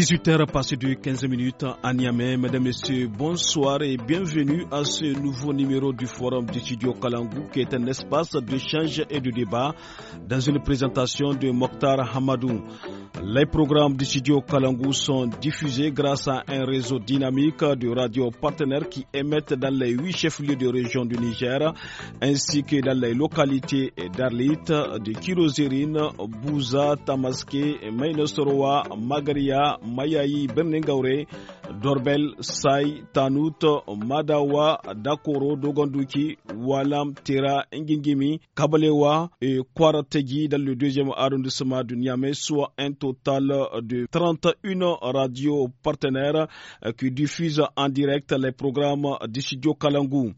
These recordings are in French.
18h passé de 15 minutes à Niamey. Mesdames, Messieurs, bonsoir et bienvenue à ce nouveau numéro du Forum du Studio Kalangou qui est un espace d'échange et de débat dans une présentation de Mokhtar Hamadou. Les programmes du studio Kalangu sont diffusés grâce à un réseau dynamique de radios partenaires qui émettent dans les huit chefs-lieux de région du Niger, ainsi que dans les localités d'Arlit, de Kirozérine, Bouza, Tamaské, Mainosoroa, Magaria, Mayaï, Bernengaure. Dorbel, Sai, Tanut, Madawa, Dakoro, Dogonduki, Walam, Tera, Ngingimi, Kabalewa et Kwarategi dans le deuxième arrondissement de Niamey, soit un total de 31 radios partenaires euh, qui diffusent en direct les programmes du studio Kalangou.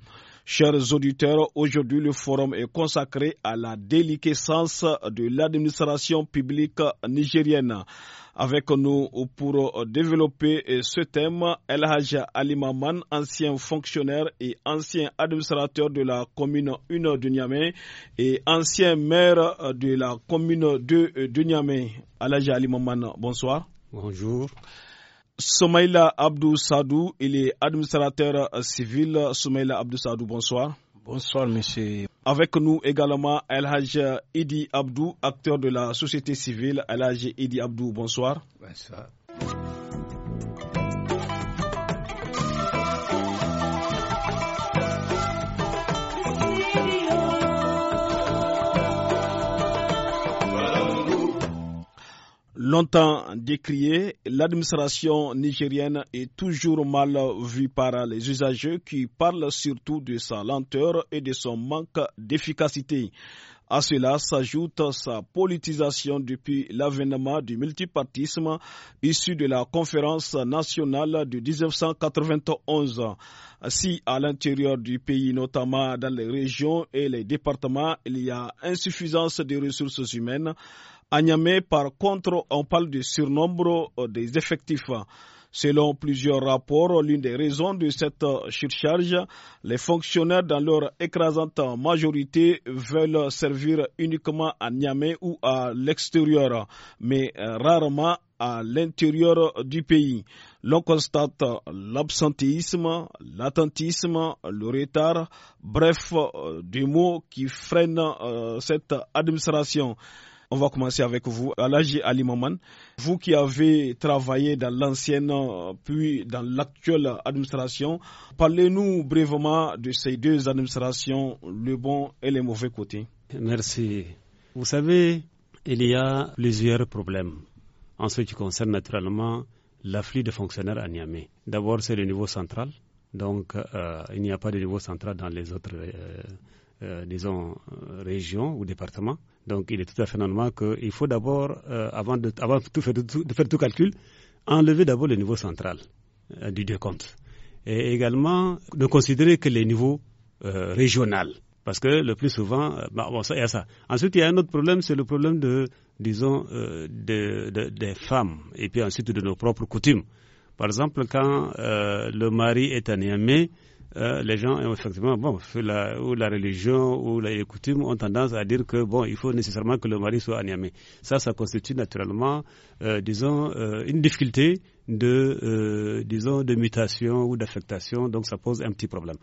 Chers auditeurs, aujourd'hui le forum est consacré à la déliquescence de l'administration publique nigérienne. Avec nous pour euh, développer euh, ce thème, El Ali Maman, ancien fonctionnaire et ancien administrateur de la commune 1 de Niamey et ancien maire euh, de la commune 2 de Niamey. El Ali Maman, bonsoir. Bonjour. Somaïla Abdou Sadou, il est administrateur civil. Somaïla Abdou Sadou, bonsoir. Bonsoir, monsieur. Avec nous également El Hajj Idi Abdou, acteur de la société civile. El Idi Abdou, bonsoir. Bonsoir. Longtemps décrié, l'administration nigérienne est toujours mal vue par les usagers qui parlent surtout de sa lenteur et de son manque d'efficacité. À cela s'ajoute sa politisation depuis l'avènement du multipartisme issu de la conférence nationale de 1991. Si à l'intérieur du pays, notamment dans les régions et les départements, il y a insuffisance des ressources humaines, à Niamey, par contre, on parle du surnombre euh, des effectifs. Selon plusieurs rapports, l'une des raisons de cette euh, surcharge, les fonctionnaires dans leur écrasante majorité veulent servir uniquement à Niamey ou à l'extérieur, mais euh, rarement à l'intérieur du pays. L'on constate l'absentéisme, l'attentisme, le retard, bref, des mots qui freinent cette administration. On va commencer avec vous, Alaji Ali Maman. Vous qui avez travaillé dans l'ancienne euh, puis dans l'actuelle administration, parlez-nous brièvement de ces deux administrations, le bon et le mauvais côté. Merci. Vous savez, il y a plusieurs problèmes en ce qui concerne naturellement l'afflux de fonctionnaires à Niamey. D'abord, c'est le niveau central. Donc, euh, il n'y a pas de niveau central dans les autres euh, euh, disons, euh, région ou département. Donc, il est tout à fait normal qu'il faut d'abord, euh, avant, de, avant tout faire, faire tout calcul, enlever d'abord le niveau central du du décompte. Et également, ne considérer que les niveaux régionaux, parce que le plus souvent, bah, il y a ça. Ensuite, il y a un autre problème, c'est le problème de, disons, de, des femmes, et puis ensuite de nos propres coutumes. Par exemple, quand le mari est à euh, les gens, euh, effectivement, bon, la, ou la religion ou les coutumes ont tendance à dire que, bon, il faut nécessairement que le mari soit aniamé. Ça, ça constitue naturellement, euh, disons, une difficulté de, disons, de mutation ou d'affectation. Donc, ça pose un petit problème.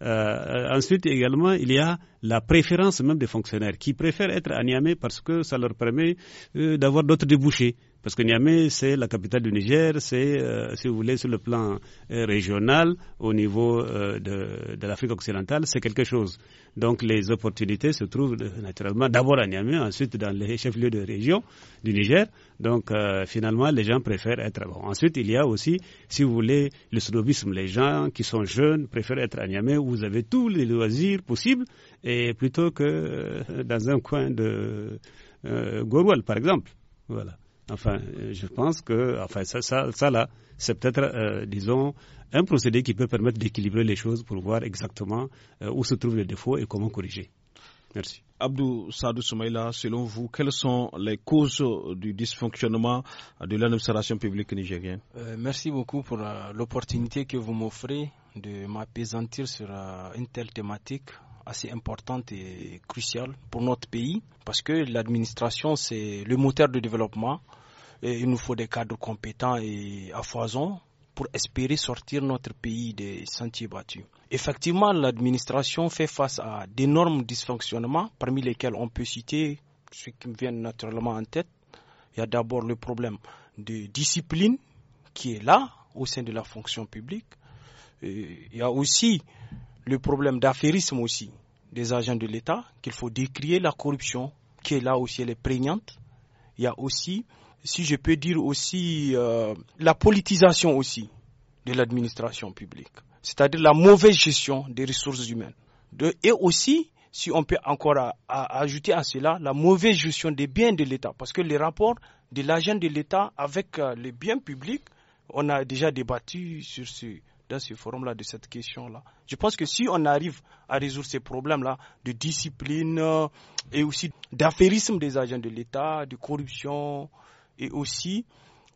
ensuite, également, il y a la préférence même des fonctionnaires qui préfèrent être aniamés parce que ça leur permet d'avoir d'autres débouchés. Parce que Niamey, c'est la capitale du Niger, c'est, euh, si vous voulez, sur le plan euh, régional, au niveau euh, de, l'Afrique occidentale, c'est quelque chose. Donc les opportunités se trouvent naturellement d'abord à Niamey, ensuite dans les chefs-lieux de région du Niger. Donc finalement, les gens préfèrent être. Bon. Ensuite, il y a aussi, si vous voulez, le snobisme. Les gens qui sont jeunes préfèrent être à Niamey où vous avez tous les loisirs possibles et plutôt que dans un coin de Gorwal, par exemple. Voilà. Enfin, je pense que, enfin, ça, là, c'est peut-être, euh, disons, un procédé qui peut permettre d'équilibrer les choses pour voir exactement euh, où se trouvent les défauts et comment corriger. Merci. Abdou Sadou Soumaïla, selon vous, quelles sont les causes du dysfonctionnement de l'administration publique nigérienne euh, Merci beaucoup pour l'opportunité que vous m'offrez de m'apaisantir sur une telle thématique assez importante et cruciale pour notre pays parce que l'administration, c'est le moteur de développement. Et il nous faut des cadres compétents et à foison pour espérer sortir notre pays des sentiers battus. Effectivement, l'administration fait face à d'énormes dysfonctionnements, parmi lesquels on peut citer ceux qui me viennent naturellement en tête. Il y a d'abord le problème de discipline qui est là au sein de la fonction publique. Il y a aussi le problème d'affairisme aussi des agents de l'État, qu'il faut décrier la corruption qui est là aussi, elle est prégnante. Il y a aussi, si je peux dire aussi, euh, la politisation aussi de l'administration publique, c'est-à-dire la mauvaise gestion des ressources humaines. De, et aussi, si on peut encore ajouter à cela, la mauvaise gestion des biens de l'État, parce que les rapports de l'agent de l'État avec euh, les biens publics, on a déjà débattu sur ce, dans ce forum-là de cette question-là. Je pense que si on arrive à résoudre ces problèmes-là de discipline euh, et aussi d'affairisme des agents de l'État, de corruption, et aussi,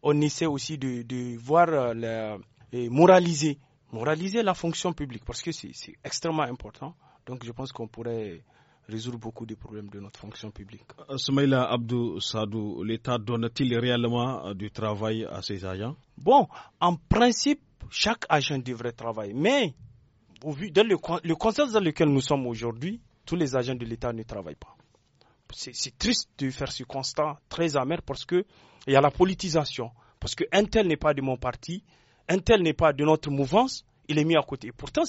on essaie aussi de, de voir euh, la, et moraliser, moraliser la fonction publique, parce que c'est extrêmement important. Donc je pense qu'on pourrait résoudre beaucoup de problèmes de notre fonction publique. Euh, Smaïla Abdou Sadou, l'État donne-t-il réellement du travail à ses agents Bon, en principe, chaque agent devrait travailler. Mais, au vu, dans le, contexte dans lequel nous sommes aujourd'hui, tous les agents de l'État ne travaillent pas. C'est triste de faire ce constat très amer parce qu'il y a la politisation. Parce qu'un tel n'est pas de mon parti, un tel n'est pas de notre mouvance, il est mis à côté. Pourtant,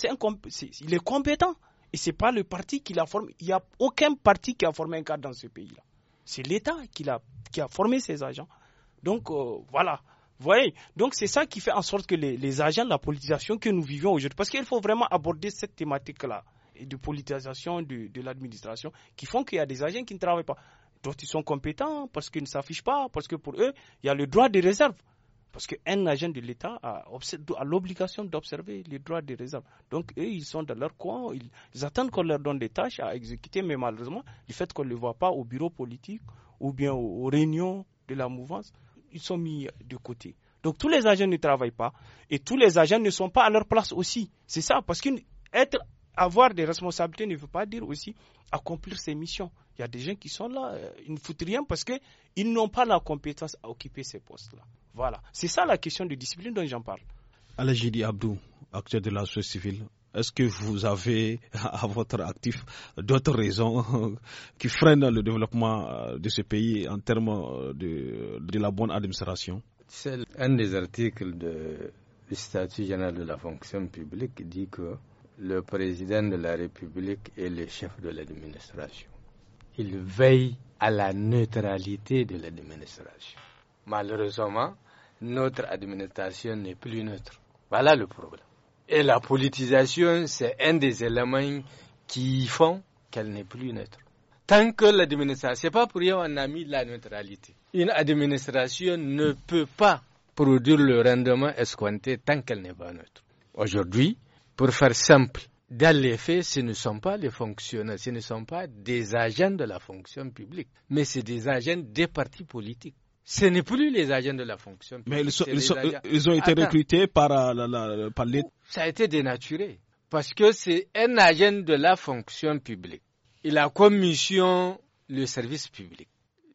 il est compétent. Et ce n'est pas le parti qui l'a formé. Il n'y a aucun parti qui a formé un cadre dans ce pays-là. C'est l'État qui, qui a, formé ses agents. Donc, euh, voilà voyez Donc c'est ça qui fait en sorte que les, agents de la politisation que nous vivons aujourd'hui, parce qu'il faut vraiment aborder cette thématique-là de politisation de, l'administration qui font qu'il y a des agents qui ne travaillent pas. D'autres, ils sont compétents parce qu'ils ne s'affichent pas, parce que pour eux, il y a le droit de réserve. Parce qu'un agent de l'État a, l'obligation d'observer les droits de réserve. Donc, eux, ils sont dans leur coin, ils, attendent qu'on leur donne des tâches à exécuter, mais malheureusement, le fait qu'on ne les voit pas au bureau politique ou bien aux réunions de la mouvance, ils sont mis de côté. Donc tous les agents ne travaillent pas et tous les agents ne sont pas à leur place aussi. C'est ça, parce qu'avoir avoir des responsabilités ne veut pas dire aussi accomplir ses missions. Il y a des gens qui sont là, euh, ils ne foutent rien parce qu'ils n'ont pas la compétence à occuper ces postes-là. Voilà. C'est ça la question de discipline dont j'en parle. Alajidi Abdou, acteur de la société civile, est-ce que vous avez à votre actif d'autres raisons qui freinent le développement euh, de ce pays en termes euh, de, la bonne administration un des articles du statut général de la fonction publique dit que le président de la République est le chef de l'administration. Il veille à la neutralité de l'administration. Malheureusement, notre administration n'est plus neutre. Voilà le problème. Et la politisation, c'est un des éléments qui font qu'elle n'est plus neutre. Tant que l'administration, c'est pas pour rien qu'on a mis la neutralité. Une administration ne peut pas produire le rendement escompté tant qu'elle n'est pas neutre. Aujourd'hui, pour faire simple, dans les faits, ce ne sont pas les fonctionnaires, ce ne sont pas des agents de la fonction publique, mais c'est des agents des partis politiques. Ce n'est plus les agents de la fonction. Publique, Mais ils, ont été recrutés euh, par l'État. Ça a été dénaturé. Parce que c'est un agent de la fonction publique. Et la commission, le service public.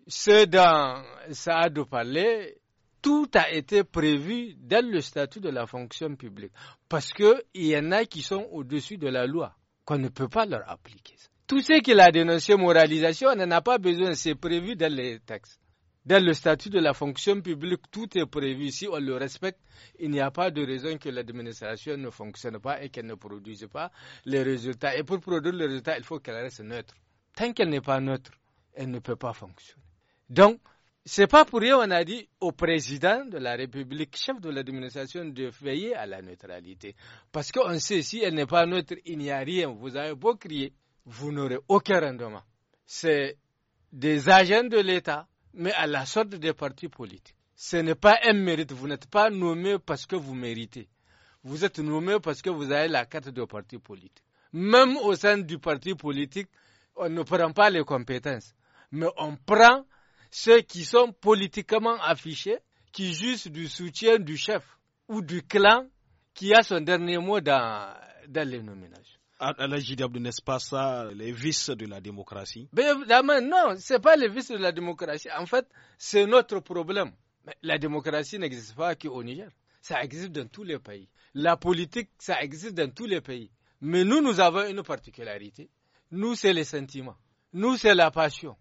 Ce dont de parler, tout a été prévu dans le statut de la fonction publique. Parce qu'il y en a qui sont au-dessus de la loi, qu'on ne peut pas leur appliquer. Tout ce qu'il a dénoncé, moralisation, on n'en a pas besoin, c'est prévu dans les textes. Dans le statut de la fonction publique, tout est prévu. Si on le respecte, il n'y a pas de raison que l'administration ne fonctionne pas et qu'elle ne produise pas les résultats. Et pour produire les résultats, il faut qu'elle reste neutre. Tant qu'elle n'est pas neutre, elle ne peut pas fonctionner. Donc, ce n'est pas pour rien qu'on a dit au président de la République, chef de l'administration, de veiller à la neutralité. Parce qu'on sait, si elle n'est pas neutre, il n'y a rien. Vous avez beau crier, vous n'aurez aucun rendement. C'est des agents de l'État mais à la sorte des partis politiques. Ce n'est pas un mérite. Vous n'êtes pas nommé parce que vous méritez. Vous êtes nommé parce que vous avez la carte de parti politique. Même au sein du parti politique, on ne prend pas les compétences, mais on prend ceux qui sont politiquement affichés, qui juste du soutien du chef ou du clan qui a son dernier mot dans, dans les nominations à n'est-ce pas ça les vices de la démocratie non, ce n'est pas les vices de la démocratie. En fait, c'est notre problème. La démocratie n'existe pas qu'au Niger. Ça existe dans tous les pays. La politique, ça existe dans tous les pays. Mais nous, nous avons une particularité. Nous, c'est les sentiments. Nous, c'est la passion.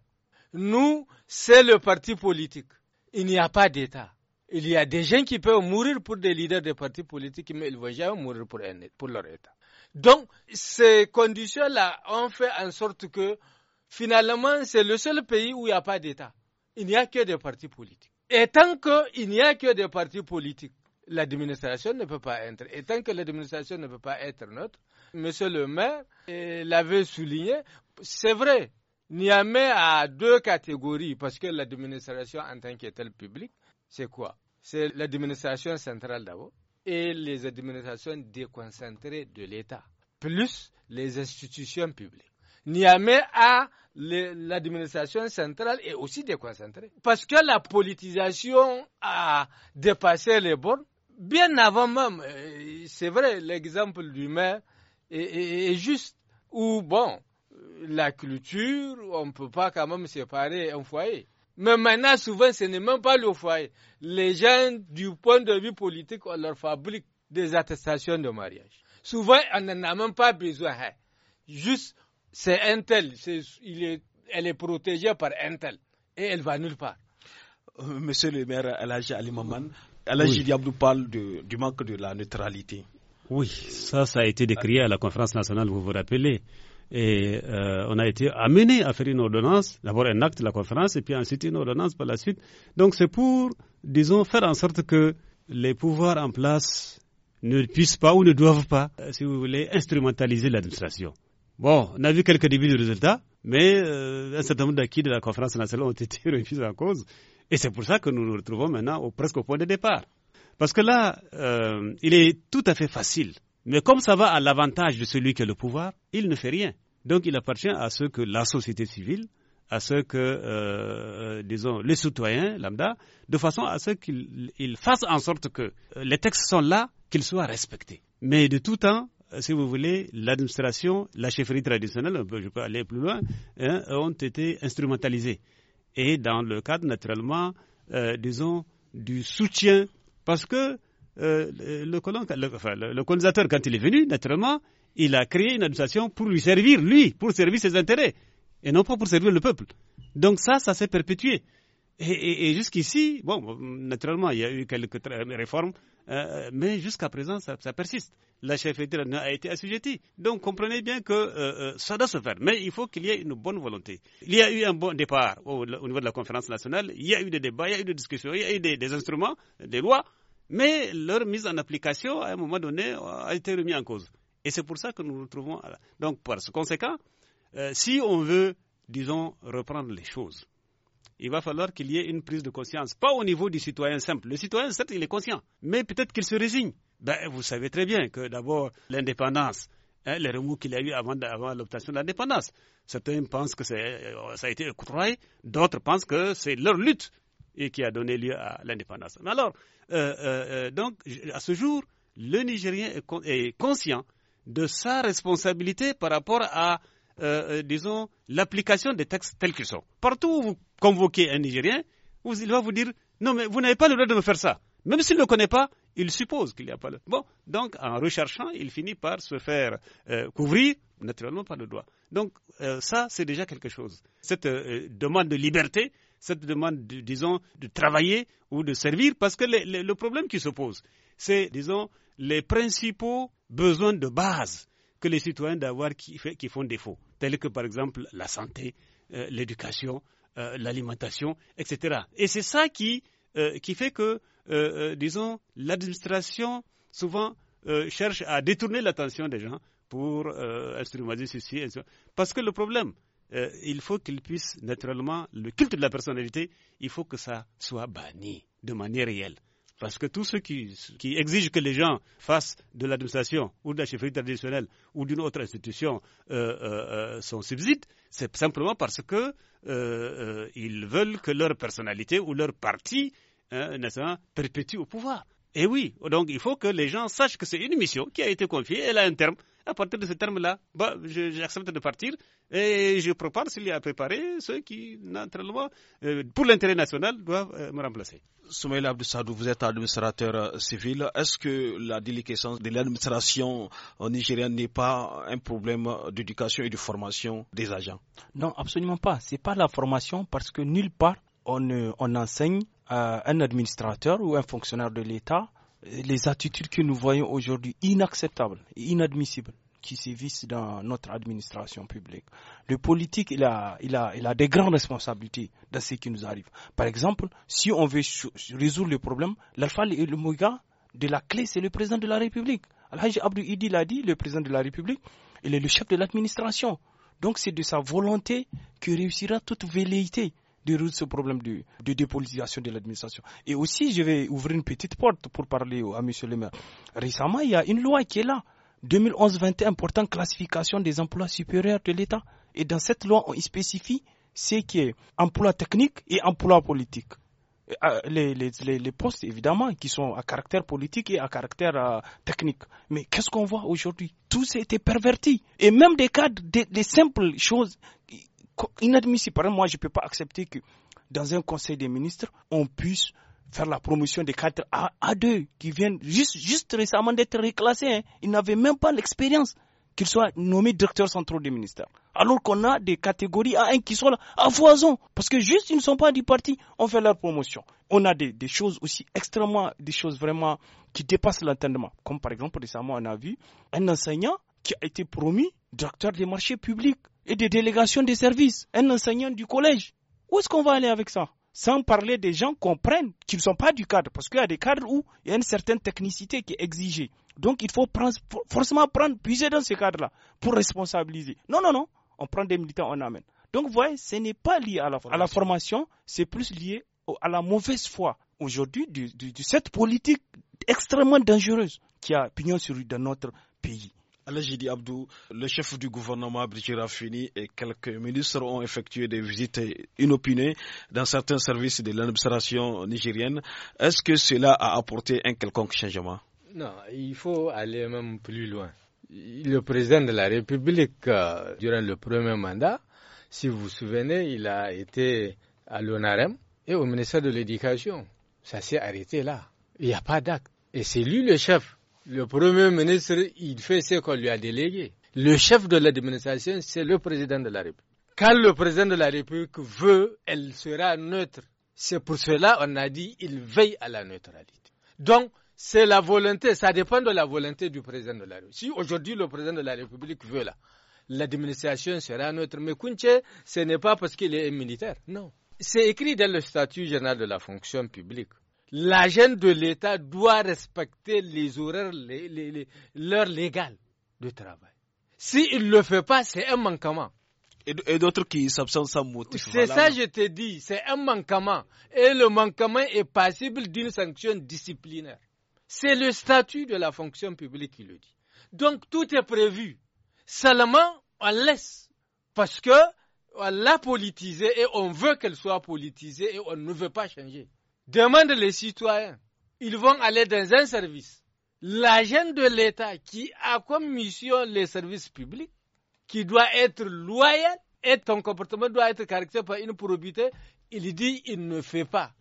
Nous, c'est le parti politique. Il n'y a pas d'État. Il y a des gens qui peuvent mourir pour des leaders des partis politiques, mais ils ne vont jamais mourir pour, pour leur État. Donc, ces conditions-là ont fait en sorte que, finalement, c'est le seul pays où il n'y a pas d'État. Il n'y a que des partis politiques. Et tant qu'il n'y a que des partis politiques, l'administration ne peut pas être. Et tant que l'administration ne peut pas être neutre, Monsieur le maire l'avait souligné, c'est vrai, Niamey a deux catégories parce que l'administration en tant que public, publique, c'est quoi C'est l'administration centrale d'abord et les administrations déconcentrées de l'État, plus les institutions publiques. Niamey a l'administration centrale et aussi déconcentrée. Parce que la politisation a dépassé les bornes. Bien avant même, euh, c'est vrai, l'exemple du maire est, est juste. Ou bon, la culture, on ne peut pas quand même séparer un foyer. Mais maintenant, souvent, ce n'est même pas le foyer. Les gens, du point de vue politique, on leur fabrique des attestations de mariage. Souvent, on n'en a même pas besoin. Hein. Juste, c'est un tel, elle est protégée par un tel, et elle va nulle part. Euh, monsieur le maire Alage Ali Maman, al oui. Diabdou parle du manque de la neutralité. Oui, ça, ça a été décrié à la conférence nationale, vous vous rappelez. Et euh, on a été amené à faire une ordonnance, d'abord un acte de la conférence, et puis ensuite une ordonnance par la suite. Donc c'est pour, disons, faire en sorte que les pouvoirs en place ne puissent pas ou ne doivent pas, euh, si vous voulez, instrumentaliser l'administration. Bon, on a vu quelques débuts de résultats, mais euh, un certain nombre d'acquis de la conférence nationale ont été remis en cause. Et c'est pour ça que nous nous retrouvons maintenant au, presque au point de départ. Parce que là, il est tout à fait facile mais comme ça va à l'avantage de celui qui a le pouvoir, il ne fait rien. Donc il appartient à ce que la société civile, à ce que, euh, euh, disons, les citoyens lambda, de façon à ce qu'ils fassent en sorte que euh, les textes sont là, qu'ils soient respectés. Mais de tout temps, euh, si vous voulez, l'administration, la chefferie traditionnelle, je peux aller plus loin, hein, ont été instrumentalisées. Et dans le cadre, naturellement, euh, disons, du soutien, parce que euh, le, colonisateur, quand il est venu, naturellement, il a créé une administration pour lui servir, lui, pour servir ses intérêts, et non pas pour servir le peuple. Donc ça, ça s'est perpétué. Et, jusqu'ici, bon, naturellement, il y a eu quelques réformes, euh, mais jusqu'à présent, ça, persiste. La chefferie a été assujettie. Donc, comprenez bien que euh, ça doit se faire, mais il faut qu'il y ait une bonne volonté. Il y a eu un bon départ au, niveau de la conférence nationale, il y a eu des débats, il y a eu des discussions, il y a eu des instruments, des lois, mais leur mise en application, à un moment donné, a été remise en cause. Et c'est pour ça que nous nous retrouvons. là. Donc, par ce conséquent, euh, si on veut, disons, reprendre les choses, il va falloir qu'il y ait une prise de conscience. Pas au niveau du citoyen simple. Le citoyen, certes, il est conscient, mais peut-être qu'il se résigne. Ben, vous savez très bien que d'abord, l'indépendance, hein, les remous qu'il y a eu avant, l'obtention de l'indépendance. Certains pensent que euh, ça a été d'autres pensent que c'est leur lutte et qui a donné lieu à l'indépendance. Mais alors, euh, euh, euh, donc, à ce jour, le Nigérien est, conscient de sa responsabilité par rapport à, disons, l'application des textes tels qu'ils sont. Partout où vous convoquez un Nigérien, il va vous dire non, mais vous n'avez pas le droit de me faire ça. Même s'il ne le connaît pas, il suppose qu'il n'y a pas le. Bon, donc en recherchant, il finit par se faire couvrir, naturellement par le doigt. Donc ça, c'est déjà quelque chose. Cette demande de liberté, cette demande, disons, de travailler ou de servir, parce que le, problème qui se pose, c'est, disons, les principaux besoins de base que les citoyens doivent qui, qui, font défaut, tels que par exemple la santé, euh, l'éducation, euh, l'alimentation, etc. Et c'est ça qui, euh, fait que, disons, l'administration souvent cherche à détourner l'attention des gens pour instrumentaliser ceci. Parce que le problème, euh, il faut qu'ils puissent naturellement, le culte de la personnalité, il faut que ça soit banni de manière réelle. Parce que tous ceux qui, exigent que les gens fassent de l'administration ou de la chefferie traditionnelle ou d'une autre institution euh, euh, euh son subside, c'est simplement parce qu'ils euh, veulent que leur personnalité ou leur parti naturellement, hein, perpétue au pouvoir. Et oui, donc il faut que les gens sachent que c'est une mission qui a été confiée, elle a un terme à partir de ce terme-là, bah, j'accepte de partir et je prépare, s'il y a préparé ceux qui, euh, pour l'intérêt national, doivent euh, me remplacer. Soumaïla Abdoussadou, vous êtes administrateur euh, civil. Est-ce que la déliquescence de l'administration nigérienne n'est pas un problème d'éducation et de formation des agents Non, absolument pas. Ce n'est pas la formation parce que nulle part on, on enseigne à un administrateur ou un fonctionnaire de l'État les attitudes que nous voyons aujourd'hui inacceptables et inadmissibles qui sévissent dans notre administration publique. Le politique, il a, il a, il a des grandes responsabilités dans ce qui nous arrive. Par exemple, si on veut résoudre le problème, l'alpha et le de la clé, c'est le président de la République. Al-Hajj Abdou Idi l'a dit, le président de la République, il est le chef de l'administration. Donc c'est de sa volonté que réussira toute velléité de résoudre ce problème de, dépolitisation de l'administration. Et aussi, je vais ouvrir une petite porte pour parler à M. le maire. Récemment, il y a une loi qui est là, 2011-21 portant classification des emplois supérieurs de l'État. Et dans cette loi, on spécifie ce qui est emploi technique et emploi politique. Euh, les, postes, évidemment, qui sont à caractère politique et à caractère euh, technique. Mais qu'est-ce qu'on voit aujourd'hui Tout s'est été perverti. Et même des cadres, des simples choses, inadmissible. Par exemple, moi, je ne peux pas accepter que dans un conseil des ministres, on puisse faire la promotion des cadres A2 qui viennent juste, juste récemment d'être reclassés. Hein. Ils n'avaient même pas l'expérience qu'ils soient nommés directeurs centraux des ministères. Alors qu'on a des catégories A1 qui sont là à foison. Parce que juste, ils ne sont pas du parti, on fait leur promotion. On a des, des choses aussi extrêmement, des choses vraiment qui dépassent l'entendement. Comme par exemple, récemment, on a vu un enseignant qui a été promu directeur des marchés publics et des délégations des services, un enseignant du collège. Où est-ce qu'on va aller avec ça Sans parler des gens qu'on prenne, qui ne sont pas du cadre, parce qu'il y a des cadres où il y a une certaine technicité qui est exigée. Donc il faut prendre, forcément prendre, puiser dans ces cadres là pour responsabiliser. Non, non, non, on prend des militants, on amène. Donc vous voyez, ce n'est pas lié à la, à la formation, c'est plus lié à la mauvaise foi aujourd'hui de, cette politique extrêmement dangereuse qui a pignon sur rue dans notre pays. Alajidi Abdou, le chef du gouvernement Brigitte Rafini et quelques ministres ont effectué des visites inopinées dans certains services de l'administration nigérienne. Est-ce que cela a apporté un quelconque changement Non, il faut aller même plus loin. Le président de la République, euh, durant le premier mandat, si vous vous souvenez, il a été à l'ONAREM et au ministère de l'Éducation. Ça s'est arrêté là. Il n'y a pas d'acte. Et c'est lui le chef le Premier ministre, il fait ce qu'on lui a délégué. Le chef de l'administration, c'est le président de la République. Quand le président de la République veut, elle sera neutre. C'est pour cela on a dit il veille à la neutralité. Donc, c'est la volonté, ça dépend de la volonté du président de la République. Si aujourd'hui le président de la République veut là, l'administration sera neutre. Mais Kunche, ce n'est pas parce qu'il est militaire, non. C'est écrit dans le statut général de la fonction publique l'agent de l'État doit respecter les horaires, les, l'heure légale de travail. S'il ne le fait pas, c'est un manquement. Et d'autres qui s'absentent sans motif. C'est ça, je te dis, c'est un manquement. Et le manquement est passible d'une sanction disciplinaire. C'est le statut de la fonction publique qui le dit. Donc tout est prévu. Seulement, on laisse. Parce que on l'a politisée et on veut qu'elle soit politisée et on ne veut pas changer demande les citoyens. Ils vont aller dans un service. L'agent de l'État qui a comme mission les services publics, qui doit être loyal et ton comportement doit être caractérisé par une probité, il dit il ne fait pas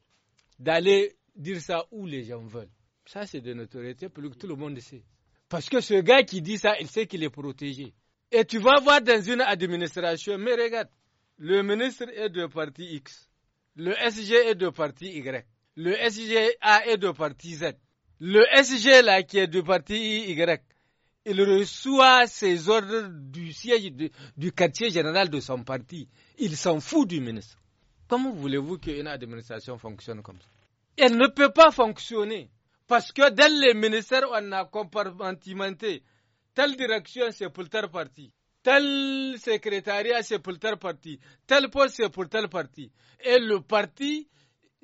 d'aller dire ça où les gens veulent. Ça, c'est de notoriété pour que tout le monde sait. Parce que ce gars qui dit ça, il sait qu'il est protégé. Et tu vas voir dans une administration, mais regarde, le ministre est de parti X, le SG est de parti Y le SGA est de parti Z. Le SG, là qui est de parti Y, il reçoit ses ordres du siège du quartier général de son parti. Il s'en fout du ministre. Comment voulez-vous qu'une administration fonctionne comme ça Elle ne peut pas fonctionner parce que dans les ministères, on a compartimenté telle direction, c'est pour tel parti tel secrétariat c'est pour tel parti, tel poste c'est pour tel parti. Et le parti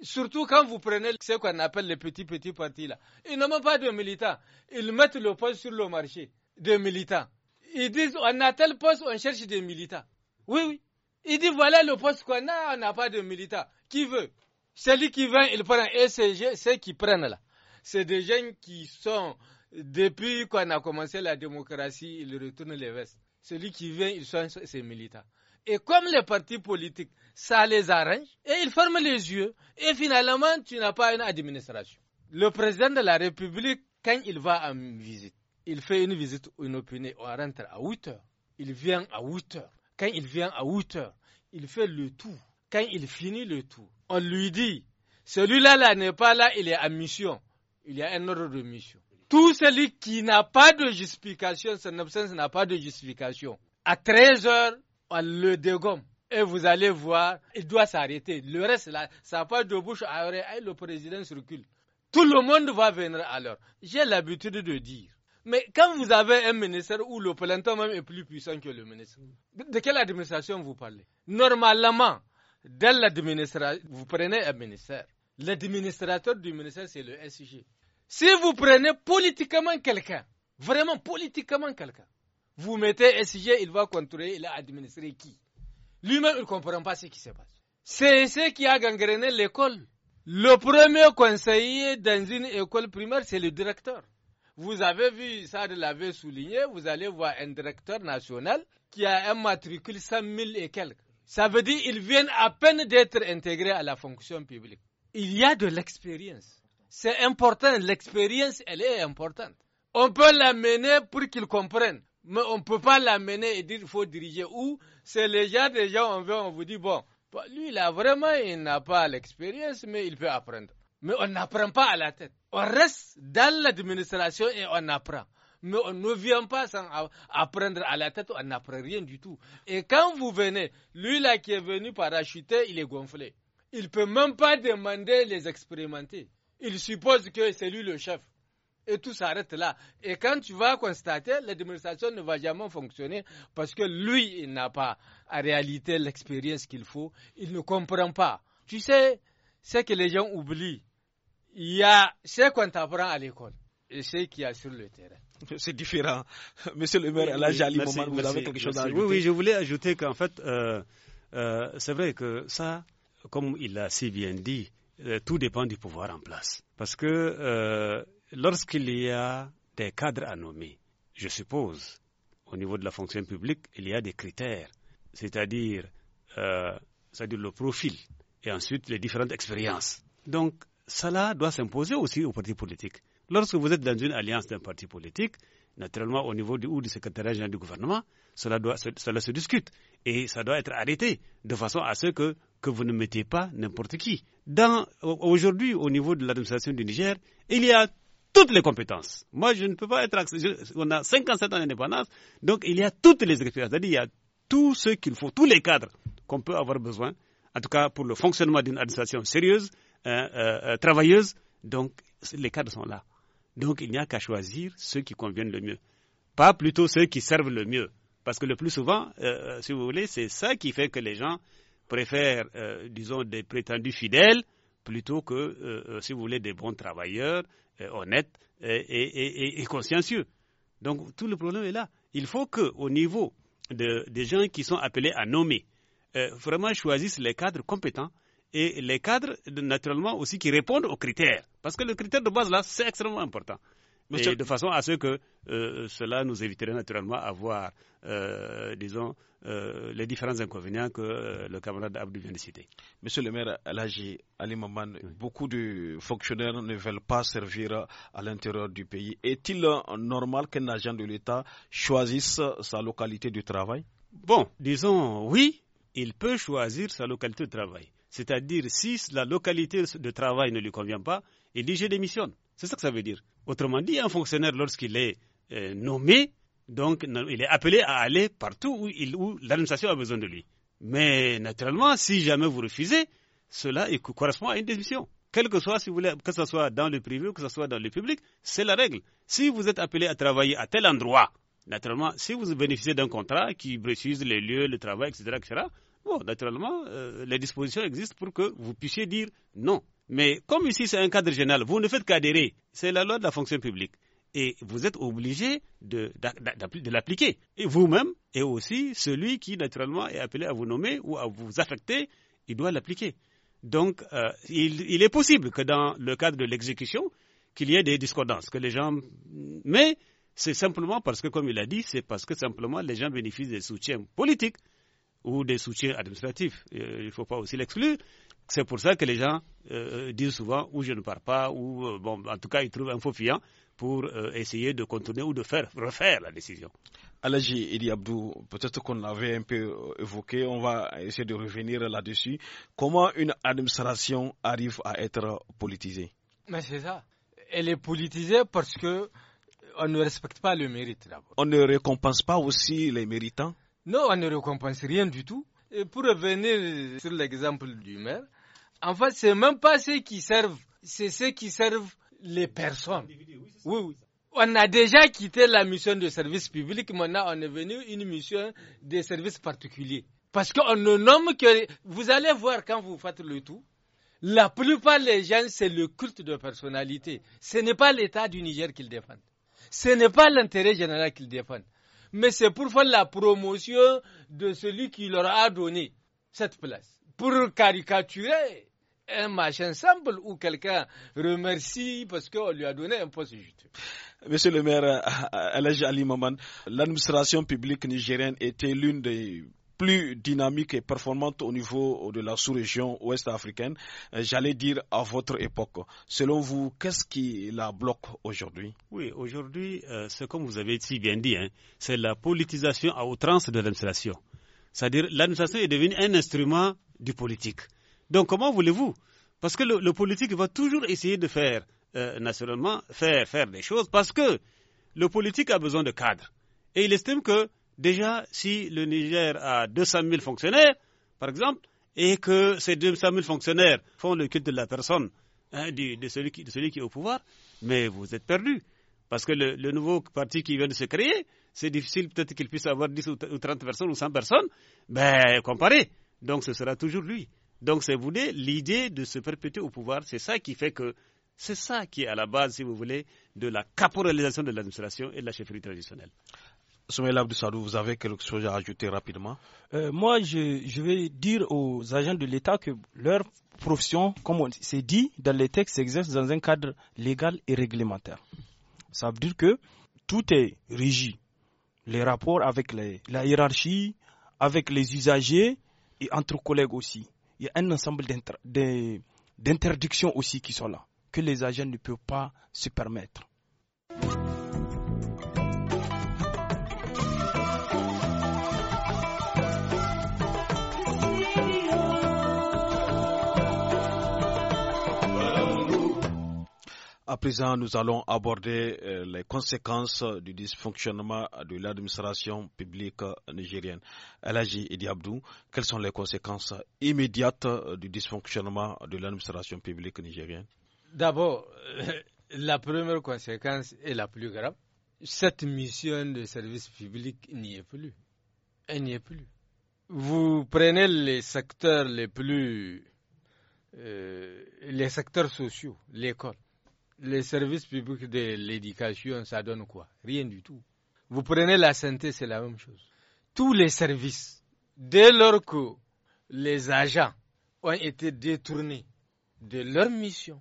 Surtout quand vous prenez ce qu'on appelle les petits, petits partis là. Ils n'ont pas de militants. Ils mettent le poste sur le marché des militants. Ils disent, on a tel poste, on cherche des militants. Oui, oui. Ils disent, voilà le poste qu'on a, on n'a pas de militants. Qui veut Celui qui vient, il prend. Et ceux qui prennent là, c'est des jeunes qui sont, depuis qu'on a commencé la démocratie, ils retournent les vestes. Celui qui vient, ils sont ses militants. Et comme les partis politiques, ça les arrange, et ils ferment les yeux, et finalement, tu n'as pas une administration. Le président de la République, quand il va en visite, il fait une visite inopinée, on rentre à 8 heures, il vient à 8 heures. Quand il vient à 8 heures, il fait le tout. Quand il finit le tout, on lui dit, celui-là là, n'est pas là, il est en mission. Il y a un ordre de mission. Tout celui qui n'a pas de justification, son absence n'a pas de justification. À 13 heures, on le dégomme. Et vous allez voir, il doit s'arrêter. Le reste, ça passe de bouche à oreille. le président recule. Tout le monde va venir alors. J'ai l'habitude de dire. Mais quand vous avez un ministère où le président même est plus puissant que le ministre, de quelle administration vous parlez Normalement, vous prenez un ministère. L'administrateur du ministère, c'est le SG. Si vous prenez politiquement quelqu'un, vraiment politiquement quelqu'un, vous mettez un sujet, il va contrôler, il a administré qui Lui-même, il ne comprend pas ce qui se passe. C'est ce qui a gangréné l'école. Le premier conseiller dans une école primaire, c'est le directeur. Vous avez vu, ça l'avait souligné, vous allez voir un directeur national qui a un matricule 100 000 et quelques. Ça veut dire qu'il vient à peine d'être intégré à la fonction publique. Il y a de l'expérience. C'est important, l'expérience, elle est importante. On peut l'amener pour qu'il comprenne mais on ne peut pas l'amener et dire qu'il faut diriger. où. c'est les gens, des gens, on, veut, on vous dit, bon, lui, a vraiment, il n'a pas l'expérience, mais il peut apprendre. Mais on n'apprend pas à la tête. On reste dans l'administration et on apprend. Mais on ne vient pas sans apprendre à la tête, on n'apprend rien du tout. Et quand vous venez, lui là qui est venu parachuter, il est gonflé. Il ne peut même pas demander les expérimenter. Il suppose que c'est lui le chef et tout s'arrête là. Et quand tu vas constater, l'administration ne va jamais fonctionner parce que lui, il n'a pas en réalité l'expérience qu'il faut, il ne comprend pas. Tu sais, c'est que les gens oublient, il y a ce qu'on t'apprend à l'école et ce qu'il y a sur le terrain. C'est différent. Monsieur le maire, là, j'allais moment, vous avez quelque chose à ajouter. Oui, oui, je voulais ajouter qu'en fait, euh, euh, c'est vrai que ça, comme il l'a si bien dit, euh, tout dépend du pouvoir en place. Parce que lorsqu'il y a des cadres à nommer, je suppose, au niveau de la fonction publique, il y a des critères, c'est-à-dire euh, le profil et ensuite les différentes expériences. Donc, cela doit s'imposer aussi aux partis politiques. Lorsque vous êtes dans une alliance d'un parti politique, naturellement au niveau du ou du secrétariat général du gouvernement, cela, doit, cela se discute et ça doit être arrêté de façon à ce que, que vous ne mettez pas n'importe qui. Aujourd'hui, au niveau de l'administration du Niger, il y a toutes les compétences. Moi, je ne peux pas être On a 57 ans d'indépendance, donc il y a toutes les expériences. C'est-à-dire, il y a tout ce qu'il faut, tous les cadres qu'on peut avoir besoin, en tout cas pour le fonctionnement d'une administration sérieuse, hein, euh, euh, travailleuse. Donc, les cadres sont là. Donc, il n'y a qu'à choisir ceux qui conviennent le mieux, pas plutôt ceux qui servent le mieux. Parce que le plus souvent, euh, si vous voulez, c'est ça qui fait que les gens préfèrent, disons, des prétendus fidèles plutôt que, si vous voulez, des bons travailleurs, euh, honnête et, consciencieux. Donc tout le problème est là. Il faut que, au niveau des gens qui sont appelés à nommer, euh, vraiment choisissent les cadres compétents et les cadres, naturellement, aussi qui répondent aux critères. Parce que le critère de base, là, c'est extrêmement important de façon à ce que euh, cela nous éviterait naturellement d'avoir, euh, disons, euh, les différents inconvénients que le camarade Abdou vient de citer. Monsieur le maire Alagi Ali Maman, beaucoup de fonctionnaires ne veulent pas servir à l'intérieur du pays. Est-il normal qu'un agent de l'État choisisse sa localité de travail Bon, disons oui, il peut choisir sa localité de travail. C'est-à-dire, si la localité de travail ne lui convient pas, il dit je démissionne. C'est ça que ça veut dire. Autrement dit, un fonctionnaire, lorsqu'il est euh, nommé, donc il est appelé à aller partout où, l'administration a besoin de lui. Mais naturellement, si jamais vous refusez, cela correspond à une démission. Quel que soit, si vous voulez, que ce soit dans le privé ou que ce soit dans le public, c'est la règle. Si vous êtes appelé à travailler à tel endroit, naturellement, si vous bénéficiez d'un contrat qui précise les lieux, le travail, etc., etc., bon, naturellement, euh, les dispositions existent pour que vous puissiez dire non. Mais comme ici, c'est un cadre général, vous ne faites qu'adhérer. C'est la loi de la fonction publique. Et vous êtes obligé de, l'appliquer. Et vous-même, et aussi celui qui, naturellement, est appelé à vous nommer ou à vous affecter, il doit l'appliquer. Donc, euh, il, est possible que dans le cadre de l'exécution, qu'il y ait des discordances, que les gens... Mais c'est simplement parce que, comme il a dit, c'est parce que simplement les gens bénéficient des soutiens politiques ou des soutiens administratifs. Euh, il ne faut pas aussi l'exclure. C'est pour ça que les gens euh, euh, disent souvent ou je ne pars pas, ou euh, bon, en tout cas, ils trouvent un faux fiant pour essayer de contourner ou de faire, refaire la décision. Alaji Idi Abdou, peut-être qu'on l'avait un peu évoqué, on va essayer de revenir là-dessus. Comment une administration arrive à être politisée Mais c'est ça. Elle est politisée parce que ne respecte pas le mérite d'abord. On ne récompense pas aussi les méritants Non, on ne récompense rien du tout. Et pour revenir sur l'exemple du maire, en fait, c'est même pas ceux qui servent, c'est ceux qui servent les personnes. Oui, On a déjà quitté la mission de service public, maintenant on est venu une mission de service particulier. Parce qu'on ne nomme que... Vous allez voir quand vous faites le tout, la plupart des gens, c'est le culte de personnalité. Ce n'est pas l'État du Niger qu'ils défendent. Ce n'est pas l'intérêt général qu'ils défendent. Mais c'est pour faire la promotion de celui qui leur a donné cette place. Pour caricaturer un machin simple où quelqu'un remercie parce qu'on lui a donné un poste juste. Monsieur le maire euh, euh, l'administration publique nigérienne était l'une des plus dynamiques et performantes au niveau de la sous-région ouest africaine, euh, j'allais dire à votre époque. Selon vous, qu'est-ce qui la bloque aujourd'hui Oui, aujourd'hui, c'est comme vous avez si bien dit, hein, c'est la politisation à outrance de l'administration. C'est-à-dire l'administration est devenue un instrument du politique. Donc comment voulez-vous Parce que le, politique va toujours essayer de faire, euh, naturellement, faire, des choses, parce que le politique a besoin de cadres. Et il estime que déjà, si le Niger a 200 000 fonctionnaires, par exemple, et que ces 200 000 fonctionnaires font le culte de la personne, hein, de, celui qui, de, celui qui, est au pouvoir, mais vous êtes perdu. Parce que le, le nouveau parti qui vient de se créer, c'est difficile peut-être qu'il puisse avoir 10 ou 30 personnes ou 100 personnes, ben comparé. Donc ce sera toujours lui. Donc, si vous voulez, l'idée de se perpétuer au pouvoir, c'est ça qui fait que c'est ça qui est à la base, si vous voulez, de la caporalisation de l'administration et de la chefferie traditionnelle. vous avez quelque chose à ajouter rapidement euh, Moi, je, vais dire aux agents de l'État que leur profession, comme on dit dans les textes, s'exerce dans un cadre légal et réglementaire. Ça veut dire que tout est régi. Les rapports avec la hiérarchie, avec les usagers et entre collègues aussi il y a un ensemble d'interdictions aussi qui sont là, que les agents ne peuvent pas se permettre. À présent, nous allons aborder euh, les conséquences du dysfonctionnement de l'administration publique nigérienne. Elagi Ediabdou, quelles sont les conséquences immédiates du dysfonctionnement de l'administration publique nigérienne D'abord, euh, la première conséquence est la plus grave. Cette mission de service public n'y est plus. Elle n'y est plus. Vous prenez les secteurs les plus... Euh, les secteurs sociaux, l'école les services publics de l'éducation, ça donne quoi Rien du tout. Vous prenez la santé, c'est la même chose. Tous les services, dès lors que les agents ont été détournés de leur mission,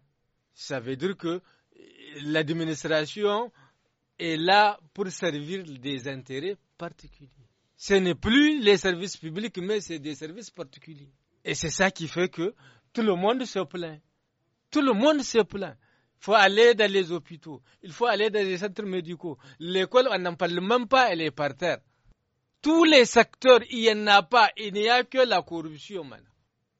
ça veut dire que l'administration est là pour servir des intérêts particuliers. Ce n'est plus les services publics, mais c'est des services particuliers. Et c'est ça qui fait que tout le monde se plaint. Tout le monde se plaint. Il faut aller dans les hôpitaux, il faut aller dans les centres médicaux. L'école, on n'en parle même pas, elle est par terre. Tous les secteurs, il n'y en a pas, il n'y a que la corruption maintenant.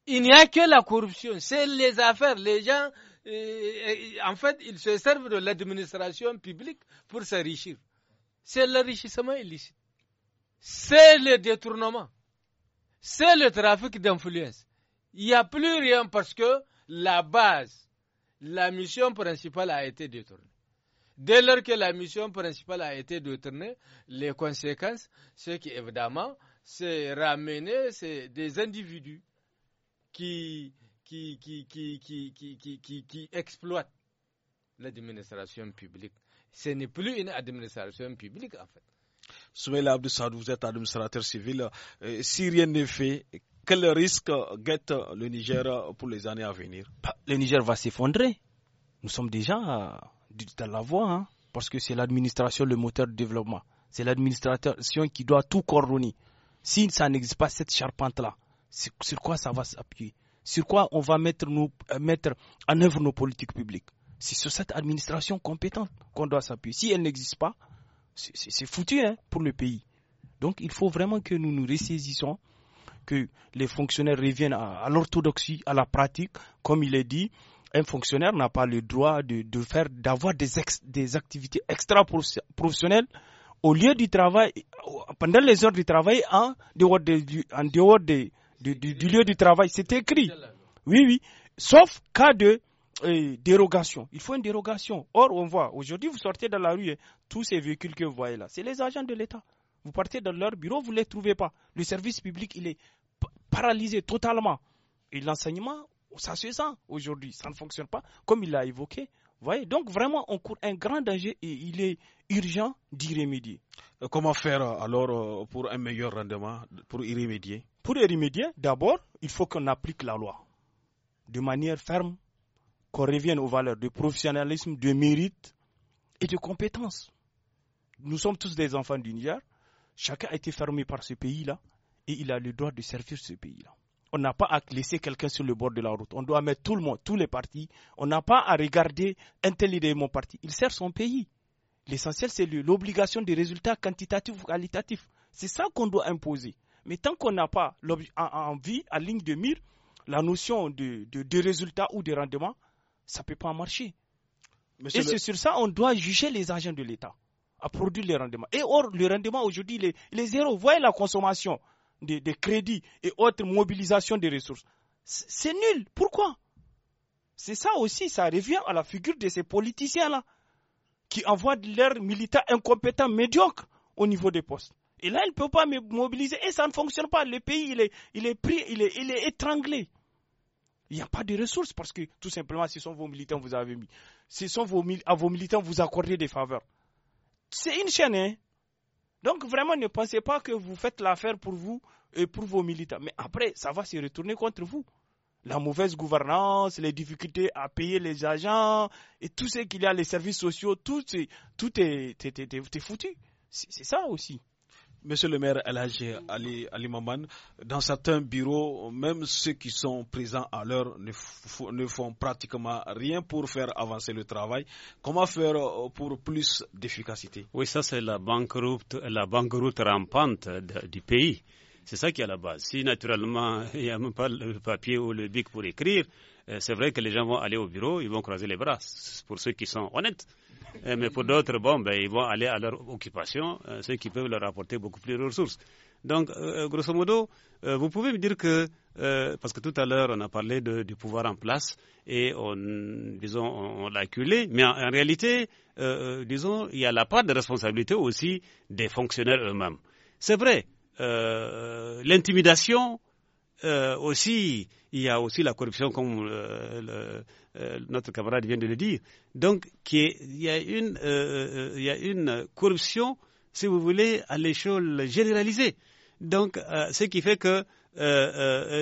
Il n'y a que la corruption, c'est les affaires, les gens, euh, euh, en fait, ils se servent de l'administration publique pour s'enrichir. C'est l'enrichissement illicite. C'est le détournement. C'est le trafic d'influence. Il n'y a plus rien parce que la base la mission principale a été détournée. Dès lors que la mission principale a été détournée, les conséquences, ce c'est évidemment, c'est ramener des individus qui, qui, qui, qui exploitent l'administration publique. Ce n'est plus une administration publique, en fait. Soumaïla Abdou vous êtes administrateur civil. Euh, si rien n'est fait, quel risque guette le Niger pour les années à venir bah, Le Niger va s'effondrer. Nous sommes déjà euh, dans la voie, hein, parce que c'est l'administration le moteur de développement. C'est l'administration qui doit tout coordonner. Si ça n'existe pas, cette charpente-là, sur quoi ça va s'appuyer Sur quoi on va euh, mettre, en œuvre nos politiques publiques C'est sur cette administration compétente qu'on doit s'appuyer. Si elle n'existe pas, c'est foutu hein, pour le pays. Donc il faut vraiment que nous nous ressaisissons que les fonctionnaires reviennent à, l'orthodoxie, à la pratique. Comme il est dit, un fonctionnaire n'a pas le droit de, faire, d'avoir des, des activités extra-professionnelles au lieu du travail, pendant les heures du travail, en dehors, de, en dehors du, lieu du travail. C'est écrit. Oui, oui. Sauf cas de euh, dérogation. Il faut une dérogation. Or, on voit, aujourd'hui, vous sortez dans la rue, hein, tous ces véhicules que vous voyez là, c'est les agents de l'État. Vous partez dans leur bureau, vous ne les trouvez pas. Le service public, il est paralysé totalement. Et l'enseignement, ça se sent aujourd'hui. Ça ne fonctionne pas, comme il l'a évoqué. voyez, donc vraiment, on court un grand danger et il est urgent d'y remédier. Euh, comment faire euh, alors euh, pour un meilleur rendement, pour y remédier Pour y remédier, d'abord, il faut qu'on applique la loi de manière ferme, qu'on revienne aux valeurs de professionnalisme, de mérite et de compétence. Nous sommes tous des enfants du Niger. Chacun a été fermé par ce pays-là et il a le droit de servir ce pays-là. On n'a pas à laisser quelqu'un sur le bord de la route. On doit mettre tout le monde, tous les partis. On n'a pas à regarder un tel mon parti. Il sert son pays. L'essentiel, c'est l'obligation des résultats quantitatifs ou qualitatifs. C'est ça qu'on doit imposer. Mais tant qu'on n'a pas envie, à ligne de mire, la notion de, résultat ou de rendement, ça ne peut pas marcher. Et c'est sur ça qu'on doit juger les agents de l'État à produire les rendements. Et or, le rendement aujourd'hui, les il est, zéro. Voyez la consommation des de crédits et autres mobilisations des ressources. C'est nul. Pourquoi C'est ça aussi, ça revient à la figure de ces politiciens-là qui envoient leurs militants incompétents, médiocres au niveau des postes. Et là, ils ne peuvent pas mobiliser et ça ne fonctionne pas. Le pays, il est, il est pris, il est, il est étranglé. Il n'y a pas de ressources parce que tout simplement, ce sont vos militants que vous avez mis. Ce sont vos, à vos militants vous accordez des faveurs. C'est une chaîne. Hein. Donc vraiment, ne pensez pas que vous faites l'affaire pour vous et pour vos militants. Mais après, ça va se retourner contre vous. La mauvaise gouvernance, les difficultés à payer les agents et tout ce qu'il y a, les services sociaux, tout, tout est, est foutu. C'est ça aussi. Monsieur le maire Alage Ali, Ali Maman, dans certains bureaux, même ceux qui sont présents à l'heure ne, font pratiquement rien pour faire avancer le travail. Comment faire euh, pour plus d'efficacité Oui, ça c'est la banqueroute, la banqueroute rampante du pays. C'est ça qui est à la base. Si naturellement il n'y a même pas le papier ou le bic pour écrire, euh, c'est vrai que les gens vont aller au bureau, ils vont croiser les bras, pour ceux qui sont honnêtes. Euh, mais pour d'autres, bon, ben, ils vont aller à leur occupation, euh, ce qui peut leur apporter beaucoup plus de ressources. Donc, euh, grosso modo, vous pouvez me dire que, parce que tout à l'heure, on a parlé du pouvoir en place et on, disons, on, l'a acculé, mais en, réalité, disons, il y a la part de responsabilité aussi des fonctionnaires eux-mêmes. C'est vrai, l'intimidation aussi il y a aussi la corruption, comme euh, euh, notre camarade vient de le dire. Donc, euh, il, y a une, corruption, si vous voulez, à l'échelle généralisée. Donc, ce qui fait que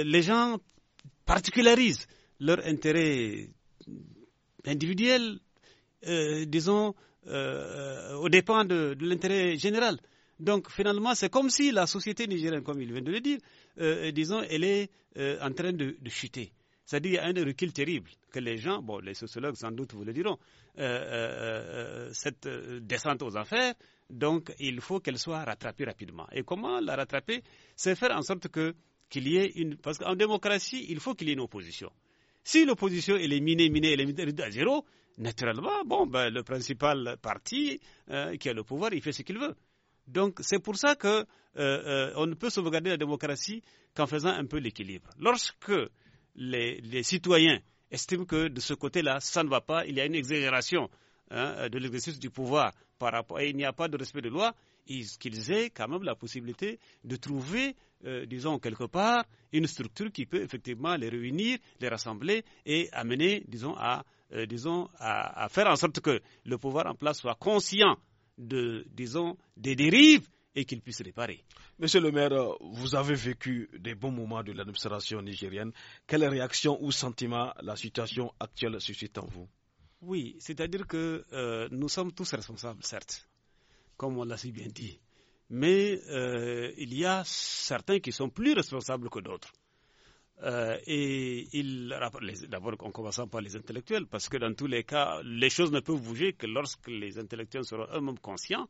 les gens particularisent leur intérêt individuel, disons, au dépend de, de l'intérêt général. Donc finalement, c'est comme si la société nigérienne, comme il vient de le dire, euh, euh, disons, elle est euh, en train de, chuter. C'est-à-dire, qu'il y a un recul terrible que les gens, bon, les sociologues sans doute vous le diront, cette descente aux affaires, donc il faut qu'elle soit rattrapée rapidement. Et comment la rattraper C'est faire en sorte qu'il y ait une... Parce qu'en démocratie, il faut qu'il y ait une opposition. Si l'opposition, est minée, minée, elle est minée à zéro, naturellement, bon, ben, le principal parti qui a le pouvoir, il fait ce qu'il veut. Donc c'est pour ça que euh, euh, on ne peut sauvegarder la démocratie qu'en faisant un peu l'équilibre. Lorsque les, citoyens estiment que de ce côté-là, ça ne va pas, il y a une exagération hein, de l'exercice du pouvoir par rapport, et il n'y a pas de respect de loi, qu'ils aient quand même la possibilité de trouver, euh, disons, quelque part, une structure qui peut effectivement les réunir, les rassembler et amener, disons, à, disons, à, faire en sorte que le pouvoir en place soit conscient de, disons, des dérives et qu'il puisse réparer. Monsieur le maire, vous avez vécu des bons moments de l'administration nigérienne. Quelle réaction ou sentiment la situation actuelle suscite en vous Oui, c'est-à-dire que euh, nous sommes tous responsables, certes, comme on l'a si bien dit. Mais euh, il y a certains qui sont plus responsables que d'autres. Euh, et il d'abord en commençant par les intellectuels, parce que dans tous les cas, les choses ne peuvent bouger que lorsque les intellectuels seront eux-mêmes conscients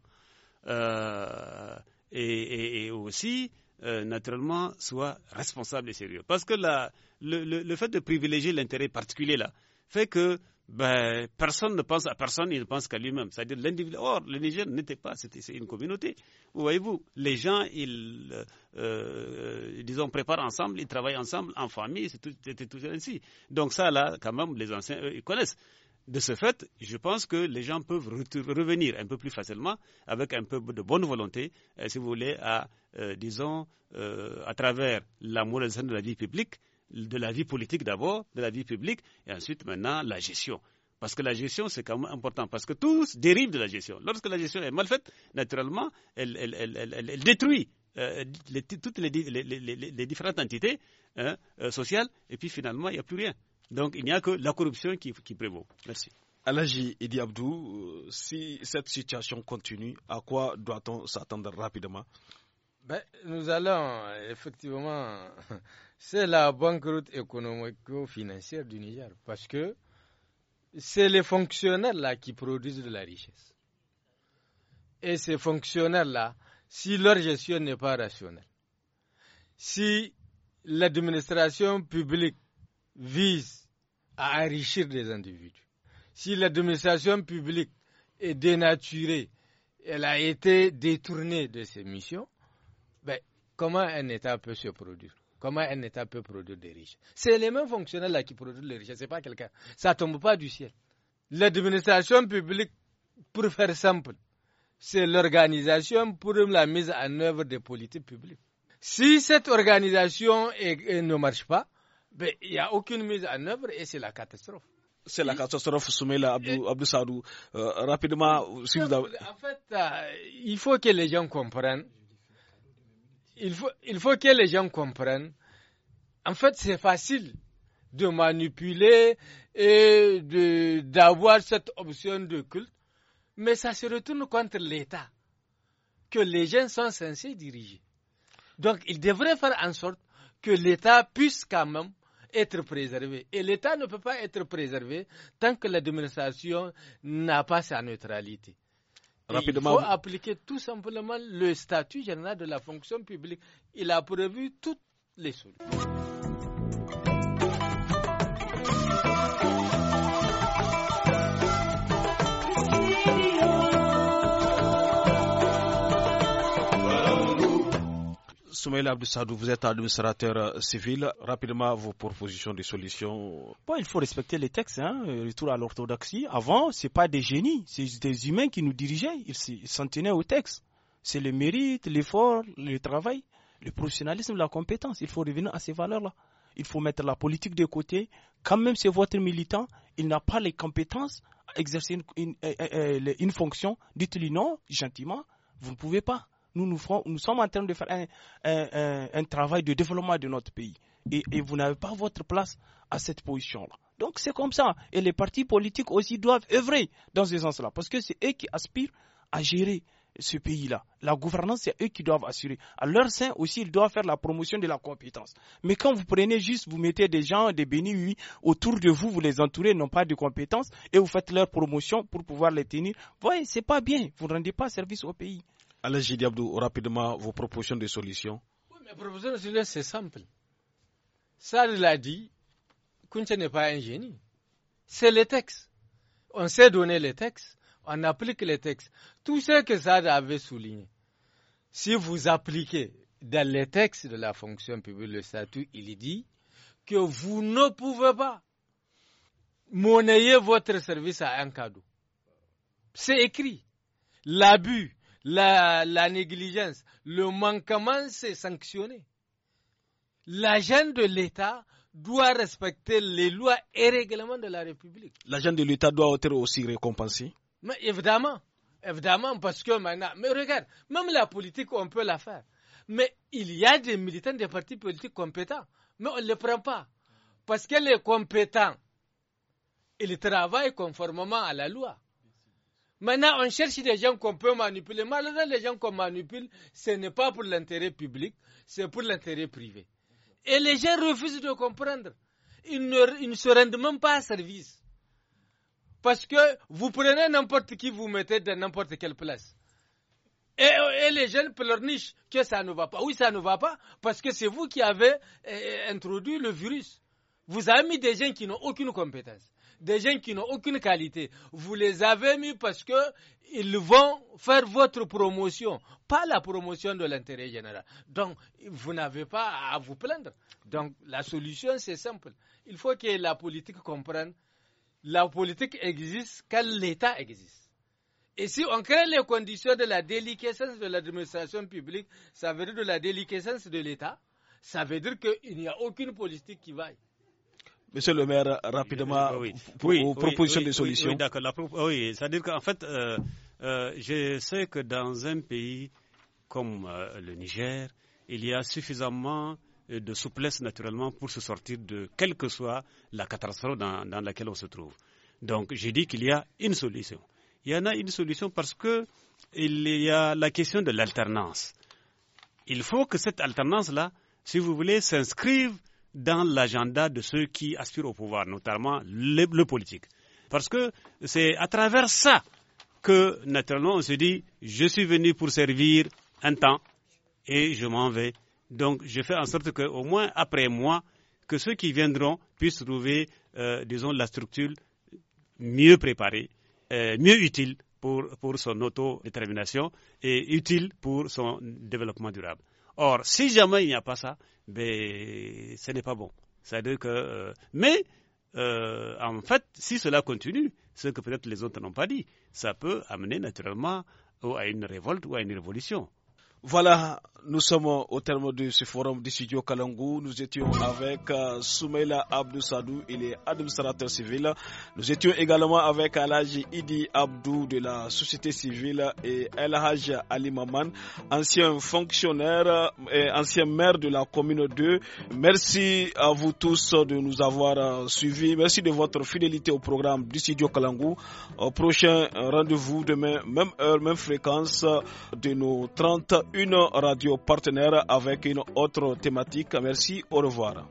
euh, et, aussi, euh, naturellement, soient responsables et sérieux. Parce que la, le, fait de privilégier l'intérêt particulier là fait que ben, personne ne pense à personne, il ne pense qu'à lui-même. C'est-à-dire l'individu. Or, le Niger n'était pas, c'était une communauté. Vous voyez-vous, les gens, ils, euh, euh, disons, préparent ensemble, ils travaillent ensemble, en famille, c'était toujours ainsi. Donc ça, là, quand même, les anciens, eux, ils connaissent. De ce fait, je pense que les gens peuvent revenir un peu plus facilement, avec un peu de bonne volonté, euh, si vous voulez, à, euh, disons, euh, à travers la moralisation de la vie publique, de la vie politique d'abord, de la vie publique, et ensuite maintenant la gestion. Parce que la gestion, c'est quand même important, parce que tout dérive de la gestion. Lorsque la gestion est mal faite, naturellement, elle, détruit toutes les, les, différentes entités hein, euh, sociales, et puis finalement, il n'y a plus rien. Donc, il n'y a que la corruption qui, prévaut. Merci. Alaji Idi Abdou, euh, si cette situation continue, à quoi doit-on s'attendre rapidement ben, Nous allons effectivement c'est la banqueroute économico-financière du Niger. Parce que c'est les fonctionnaires-là qui produisent de la richesse. Et ces fonctionnaires-là, si leur gestion n'est pas rationnelle, si l'administration publique vise à enrichir des individus, si l'administration publique est dénaturée, elle a été détournée de ses missions, ben, comment un État peut se produire Comment un État peut produire des riches C'est les mêmes fonctionnaires qui produisent les richesses, c'est pas quelqu'un. Ça tombe pas du ciel. L'administration publique, pour faire simple, c'est l'organisation pour la mise en œuvre des politiques publiques. Si cette organisation ne marche pas, ben, il n'y a aucune mise en œuvre et c'est la catastrophe. C'est la catastrophe, Soumeila Abdou, Abdou Sadou. Euh, rapidement, si vous En fait, euh, il faut que les gens comprennent il faut, il que les gens comprennent. En fait, c'est facile de manipuler et d'avoir cette option de culte, mais ça se retourne contre l'État que les gens sont censés diriger. Donc, il devrait faire en sorte que l'État puisse quand même être préservé. Et l'État ne peut pas être préservé tant que l'administration n'a pas sa neutralité. Il faut appliquer tout simplement le statut général de la fonction publique. Il a prévu toutes les solutions. Soumaïla Abdoussadou, vous êtes administrateur euh, civil. Rapidement, vos propositions de solutions. il faut respecter les textes. Hein, euh, retour à l'orthodoxie. Avant, ce pas des génies, c'est des humains qui nous dirigeaient. Ils s'en tenaient aux textes. C'est le mérite, l'effort, le travail, le professionnalisme, la compétence. Il faut revenir à ces valeurs-là. Il faut mettre la politique de côté. Quand même, c'est votre militant, il n'a pas les compétences à exercer une euh, fonction. Dites-lui non, gentiment, vous ne pouvez pas nous, nous sommes en train de faire un, travail de développement de notre pays. Et, vous n'avez pas votre place à cette position-là. Donc c'est comme ça. Et les partis politiques aussi doivent œuvrer dans ce sens-là, parce que c'est eux qui aspirent à gérer ce pays-là. La gouvernance, c'est eux qui doivent assurer. À leur sein aussi, ils doivent faire la promotion de la compétence. Mais quand vous prenez juste, vous mettez des gens, des bénis oui, autour de vous, vous les entourez, n'ont pas de compétences, et vous faites leur promotion pour pouvoir les tenir. Voyez, c'est pas bien. Vous ne rendez pas service au pays. Alain Abdou, rapidement, vos propositions de solutions. Oui, mes propositions de solutions, c'est simple. Ça, l'a dit, Kounche n'est pas un génie. C'est les textes. On sait donner les textes, on applique les textes. Tout ce que Sad avait souligné, si vous appliquez dans les textes de la fonction publique, le statut, il dit que vous ne pouvez pas monnayer votre service à un cadeau. C'est écrit. L'abus la, négligence, le manquement, c'est sanctionné. L'agent de l'État doit respecter les lois et règlements de la République. L'agent de l'État doit être aussi récompensé Mais évidemment, évidemment, parce que maintenant, mais regarde, même la politique, on peut la faire. Mais il y a des militants des partis politiques compétents, mais on ne les prend pas. Parce que les compétents, ils travaille conformément à la loi. Maintenant, on cherche des gens qu'on peut manipuler. Malheureusement, les gens qu'on manipule, ce n'est pas pour l'intérêt public, c'est pour l'intérêt privé. Et les gens refusent de comprendre. Ils ne, se rendent même pas à service. Parce que vous prenez n'importe qui, vous mettez dans n'importe quelle place. Et, les gens pleurnichent que ça ne va pas. Oui, ça ne va pas, parce que c'est vous qui avez eh, eh, introduit le virus. Vous avez mis des gens qui n'ont aucune compétence des gens qui n'ont aucune qualité. Vous les avez mis parce que ils vont faire votre promotion, pas la promotion de l'intérêt général. Donc, vous n'avez pas à vous plaindre. Donc, la solution, c'est simple. Il faut que la politique comprenne. La politique existe quand l'État existe. Et si on crée les conditions de la déliquescence de l'administration publique, ça veut dire de la déliquescence de l'État, ça veut dire qu'il n'y a aucune politique qui vaille. Monsieur le maire, rapidement, pour oui, des solutions. Oui, d'accord. c'est-à-dire qu'en fait, euh, euh, je sais que dans un pays comme euh, le Niger, il y a suffisamment de souplesse naturellement pour se sortir de quelle que soit la catastrophe dans, laquelle on se trouve. Donc, j'ai dit qu'il y a une solution. Il y en a une solution parce que il y a la question de l'alternance. Il faut que cette alternance-là, si vous voulez, s'inscrive dans l'agenda de ceux qui aspirent au pouvoir, notamment le, politique. Parce que c'est à travers ça que, naturellement, on se dit, je suis venu pour servir un temps et je m'en vais. Donc, je fais en sorte qu'au moins après moi, que ceux qui viendront puissent trouver, euh, disons, la structure mieux préparée, euh, mieux utile pour, pour son autodétermination et utile pour son développement durable. Or, si jamais il n'y a pas ça, mais ce n'est pas bon. C'est-à-dire que. Euh, mais, euh, en fait, si cela continue, ce que peut-être les autres n'ont pas dit, ça peut amener naturellement à une révolte ou à une révolution. Voilà, nous sommes au terme de ce forum du studio Kalangou. Nous étions avec euh, Soumaila Abdou Sadou, il est administrateur civil. Nous étions également avec Alhaji Idi Abdou de la société civile et Alhaji Ali Maman, ancien fonctionnaire euh, et ancien maire de la commune 2. Merci à vous tous de nous avoir euh, suivis. Merci de votre fidélité au programme du studio Kalangou. Au prochain rendez-vous demain, même heure, même fréquence de nos 30 une radio partenaire avec une autre thématique. Merci, au revoir.